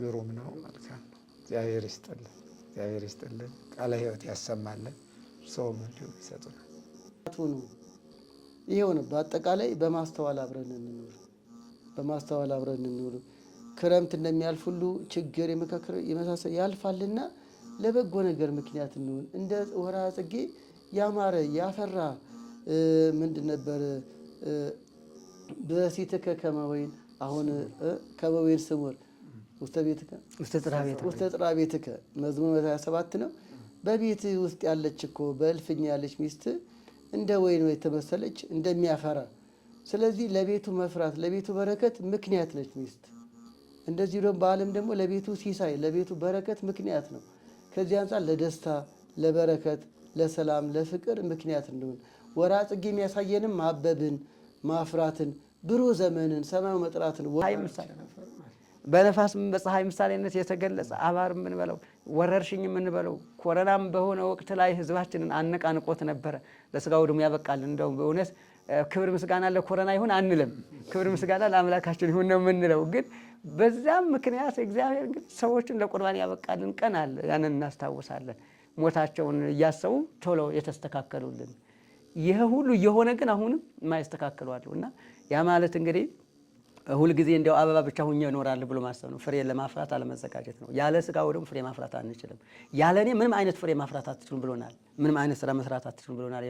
ግሩም ነው፣ መልካም ነው። እግዚአብሔር ይስጥልን፣ እግዚአብሔር ይስጥልን፣ ቃለ ሕይወት ያሰማልን። ሰውም እንዲሁ ይሰጡናል። ይሄው ነው። በአጠቃላይ በማስተዋል አብረን እንኖር፣ በማስተዋል አብረን እንኖር። ክረምት እንደሚያልፍ ሁሉ ችግር የመካከር የመሳሰል ያልፋልና ለበጎ ነገር ምክንያት እንሆን። እንደ ወርሃ ጽጌ ያማረ ያፈራ ምንድን ነበር? በሲትከ ከመ አሁን ከመ ስሙር ውስተ ቤትከ ውስተ ጥራ ቤትከ ውስተ ጥራ ቤትከ መዝሙር 127 ነው። በቤት ውስጥ ያለች እኮ በእልፍኛ ያለች ሚስት እንደ ወይን የተመሰለች እንደሚያፈራ ስለዚህ ለቤቱ መፍራት ለቤቱ በረከት ምክንያት ነች ሚስት። እንደዚሁ ደግሞ በዓለም ደግሞ ለቤቱ ሲሳይ ለቤቱ በረከት ምክንያት ነው። ከዚህ አንጻር ለደስታ ለበረከት፣ ለሰላም፣ ለፍቅር ምክንያት እንደሆን ወርሃ ጽጌ የሚያሳየንም ማበብን፣ ማፍራትን፣ ብሩህ ዘመንን፣ ሰማዩ መጥራትን ምሳሌ ነበር። በነፋስም በፀሐይ ምሳሌነት የተገለጸ አባር የምንበለው ወረርሽኝ የምንበለው ኮረናም በሆነ ወቅት ላይ ህዝባችንን አነቃንቆት ነበረ። ለስጋው ደግሞ ያበቃል። እንደው በእውነት ክብር ምስጋና ለኮረና ይሁን አንልም። ክብር ምስጋና ለአምላካችን ይሁን ነው የምንለው። ግን በዛም ምክንያት እግዚአብሔር እንግዲህ ሰዎችን ለቁርባን ያበቃልን ቀን አለ። ያንን እናስታውሳለን። ሞታቸውን እያሰቡ ቶሎ የተስተካከሉልን ይህ ሁሉ እየሆነ ግን አሁንም የማይስተካከሉ አሉ እና ያ ማለት እንግዲህ ሁልጊዜ እንዲያው አበባ ብቻ ሁኜ እኖራለሁ ብሎ ማሰብ ነው። ፍሬ ለማፍራት አለመዘጋጀት ነው። ያለ ስጋው ደግሞ ፍሬ ማፍራት አንችልም። ያለ እኔ ምንም አይነት ፍሬ ማፍራት አትችሉም ብሎናል። ምንም አይነት ስራ መስራት አትችሉም ብሎናል።